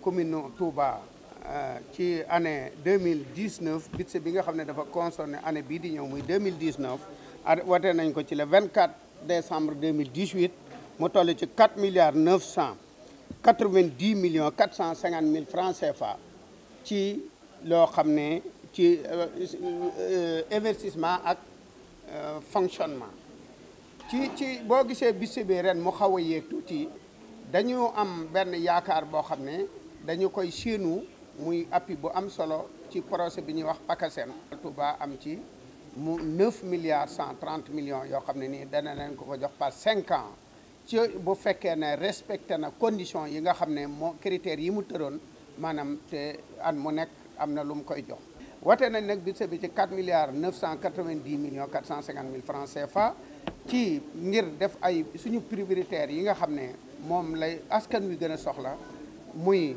commune Touba euh, ci année 2019 budget bi nga xam ne dafa concerné année bii di ñëw muy 2019 wate nañ ko ci le 24 décembre 2018 mu toll ci 4 milliards 990 millions 450 mille francs CFA ci loo xam ne ci euh, invertissement ak euh, fonctionnement ci ci boo gisee budget bi ren mu xaw a yéeg tuuti dañu am benn yaakaar boo xam ne dañu koy séenu muy appui bu am solo ci projet bi ñuy wax PACASEN ba am ci mu 9 milliards 130 millions yoo xam ne nii dana leen ko ko jox par 5 ans ci bu fekkee ne respecté na conditions yi nga xam ne moo critères yi mu tëroon maanaam te at mu nekk am na lu mu koy jox wate nañ nag budget bi ci 4 milliards 990 millions 450 mille francs CFA ci ngir def ay suñu prioritaires yi nga xam ne moom lay askan wi gën a soxla muy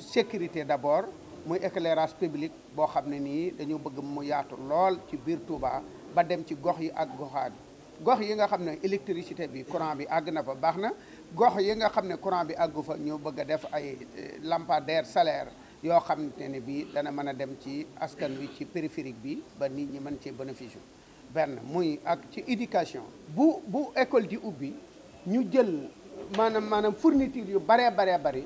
sécurité d'abord muy éclairage public boo xam ne nii dañu bëgg mu yaatu lool ci biir Touba ba dem ci gox yi ak goxaan gox yi nga xam ne électricité bi courant bi àgg na fa baax na gox yi nga xam ne courant bi àggu fa ñu bëgg a def ay euh, lampadaire solaire yoo xamante ne bii dana mën a dem ci askan wi ci périphérique bi ba nit ñi mën cee bénéfice benn muy ak ci éducation bu bu école di ubbi ñu jël maanaam maanaam fourniture yu baree baree bari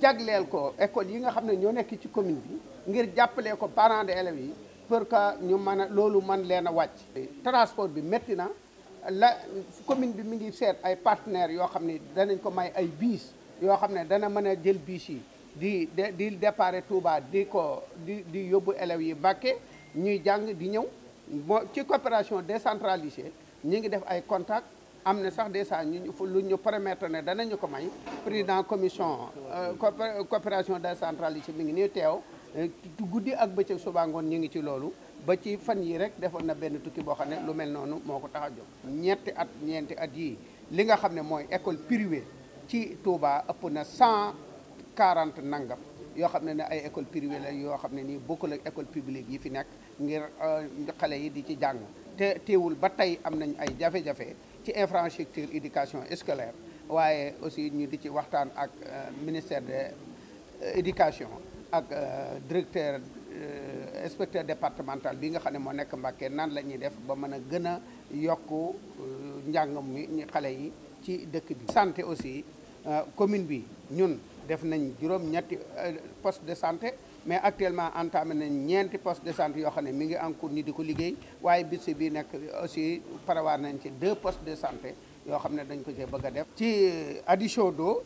jagleel ko école yi nga xam ne ñoo nekk ci commune bi ngir jàppalee ko parents d'élèves yi pour que ñu mën a loolu man leen a wàcc transport bi métti na la commune bi mi ngi seet ay partenaires yoo xam ne danañ ko may ay biis yoo xam ne dana mën a jël biis yi di di départ Touba di ko di di yóbbu élèves yi Mbacké ñuy jàng di ñëw moo ci coopération décentralisée ñu ngi def ay contacts am na sax dèjà ñu lu ñu promettre ne danañu ko may président commission euh, coopération ci mi ngi nii teew euh, guddi ak bëccëg suba ngoon ñu ngi ci loolu ba ci fan yi rek defoon na benn tukki boo xam ne lu mel noonu moo ko tax a jóg ñetti at ñeenti at yii li nga xam ne mooy école privée ci Touba ëpp na cent quarante nangam yoo xam ne ne ay école privée la yoo xam ne nii bokkul ak école publique yi fi nekk ngir euh, xale yi di ci jàng te téewul ba tey am nañ ay jafe ci infrastructure éducation scolaire waaye aussi ñu di ci waxtaan ak euh, ministère de euh, éducation ak euh, directeur inspecteur départemental bi nga xam ne moo nekk Mbàkke nan la ñuy def ba mën a gën a yokk njàng xale yi ci dëkk bi. santé aussi commune bi ñun def nañ juróom-ñetti poste de santé. mais actuellement entamé nañ ñeenti poste de santé yoo xam ne mi ngi en cours ni di ko liggéey waaye bit si bii nekk aussi prévoir nañ ci deux postes de santé yoo xam ne dañ ko cee bëgg a def ci euh, addition d'eau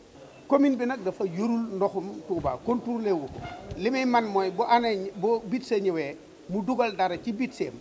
commune bi nag dafa yorul ndoxum Touba contrôlé wu ko li muy man mooy bu anee bu bit sa ñëwee mu dugal dara ci bit seem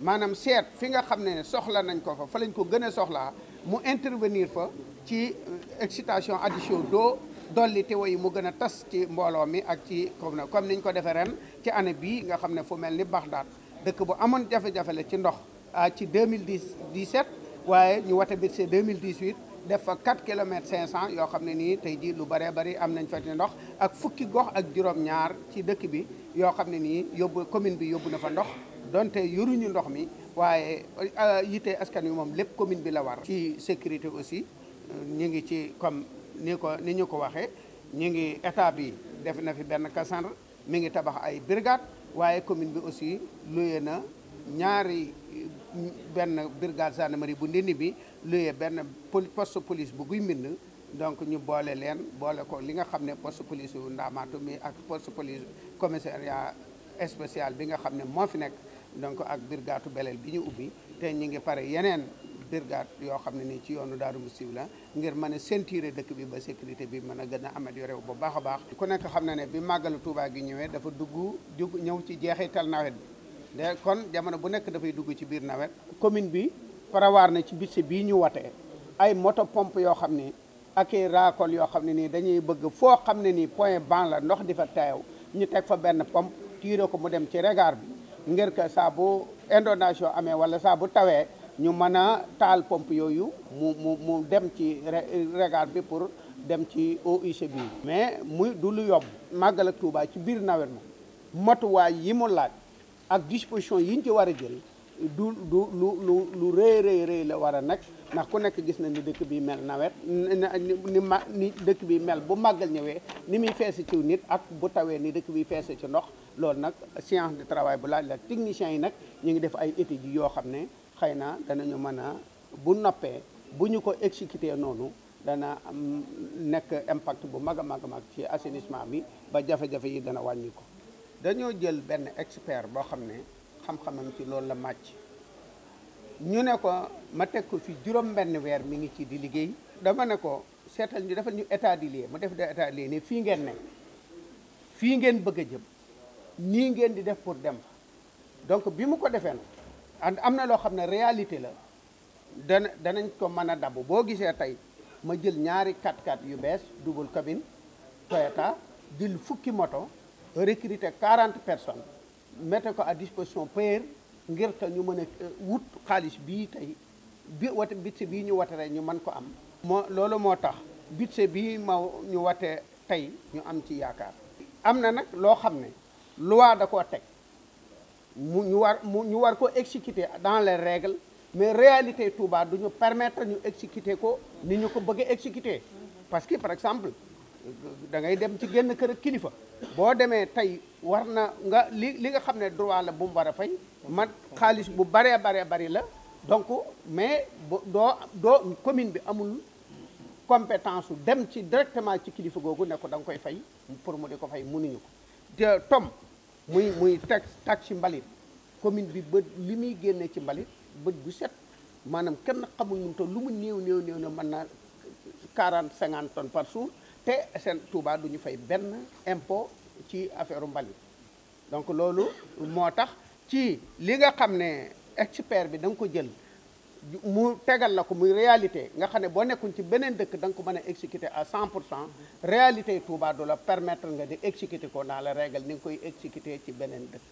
maanaam seet fi nga xam ne soxla nañ ko fa fa lañ ko gën a soxlaa mu intervenir fa ci euh, excitation addition do dolli teewa yi mu gën a tas ci mbooloo mi ak ci comme comme niñ ko defee ren ci année bii nga xam ne fu mel ni Baxdaad dëkk bu amoon jafe-jafe la ci ndox ah, ci 2017 waaye ñu wate bi ci 2018 def fa 4 kilomètres 500 yoo xam ne nii tey jii lu bëree bëri am nañ fa ne ndox ak fukki gox ak juróom-ñaar ci dëkk bi yoo xam ne nii yóbbu commune bi yóbbu na fa ndox donte yoruñu ndox mi waaye ah, yite askan yi moom lépp commune bi la war. ci sécurité aussi euh, ñu ngi ci comme. ni ko ni ñu ko waxee ñu ngi état bi def na fi benn casandre mi ngi tabax ay brigade waaye commune bi aussi luye na ñaari benn brigade gendarmerie bu ndindi bi luye benn poste police bu guy mbind donc ñu boole leen boole ko li nga xam ne poste police yu ndaamaatu mi ak poste police commissariat spécial bi nga xam ne moo fi nekk donc ak brigade beleel bi ñu ubbi te ñu ngi pare yeneen dërgaat yoo xam ne nii ci yoonu Daaru Musti la ngir mën a ceinturer dëkk bi ba sécurité bi mën a gën a amal yorew bu baax a baax ku nekk xam na ne bi màggalu Tuubaa gi ñëwee dafa dugg dugg ñëw ci jeexee tal nawet bi de kon jamono bu nekk dafay dugg ci biir nawet commune bi prévoir na ci budget bii ñu watee ay moto pompe yoo xam ni ak i raakol yoo xam ne nii dañuy bëgg foo xam ne nii point ban la ndox di fa teew ñu teg fa benn pompe tiire ko mu dem ci regard bi ngir que saa bu inondation amee wala saa bu tawee ñu mën a taal pompe yooyu mu mu mu dem ci regard bi pour dem ci OIC bi mais muy du lu yomb màggal ak Touba ci biir nawet ma matuwaay yi mu laaj ak disposition yi ñu ci war a jël du du lu lu lu rëy rëy rëy la war a nag ndax ku nekk gis na ni dëkk bi mel nawet ni ma ni dëkk bi mel bu màggal ñëwee ni muy feese ci nit ak bu tawee ni dëkk bi feese ci ndox loolu nag science de travail bu laaj la techniciens yi nag ñu ngi def ay études yoo xam ne xëy na danañu mën a bu noppee bu ñu ko exécuté noonu dana am nekk impact bu mag a mag a mag ci assainissement bi ba jafe-jafe yi dana wàññiku dañoo jël benn expert boo xam ne xam-xamam ci loolu la màcc ñu ne ko ma teg ko fi juróom benn weer mi ngi ci di liggéey dama ne ko seetal ñu defal ñu état des lieux mu def de état des lieux ne fii ngeen nekk fii ngeen bëgg a jëm nii ngeen di def pour dem fa donc bi mu ko defee nag am na loo xam ne réalité la dana danañ ko mën a dabb boo gisee tey ma jël ñaari 4 x yu bees double cabine Toyota jël fukki moto recruter 40 personnes mettre ko à disposition payeur ngir te ñu mën a euh, wut xaalis bii tey bi wate bii ñu wateree ñu mën ko am moo loolu moo tax budget bii ma ñu wate tey ñu am ci yaakaar am na nag loo xam ne loi da koo teg mu ñu war mu ñu war ko exécuter dans les règles mais réalité Touba du ñu permettre ñu exécuter ko ni ñu ko bëggee a exécuter parce que par exemple da ngay dem ci génn kër kilifa boo demee tey war na nga li li nga xam ne droit la bu mu war a fay man xaalis bu baree baree bari la donc mais doo doo commune bi amul compétence su dem ci directement ci kilifa googu ne ko da nga koy fay pour mu di ko fay mënuñu ko tom muy muy tax tax ci mbalit commune bi ba li muy génnee ci mbalit bët bu set maanaam kenn xamul nu mu lu mu néew néew néew na mën naa quarante 50 tonnes par jour te seen Touba du ñu fay benn impôt ci affaire mbalit donc loolu moo tax ci li nga xam ne expert bi da nga ko jël mu tegal la ko muy réalité nga xam ne boo nekkuñ ci beneen dëkk da nga ko mën a exécuter à 100 pour cent réalité Touba du la permettre nga di exécuter ko dans la règle ni nga koy exécuter ci beneen dëkk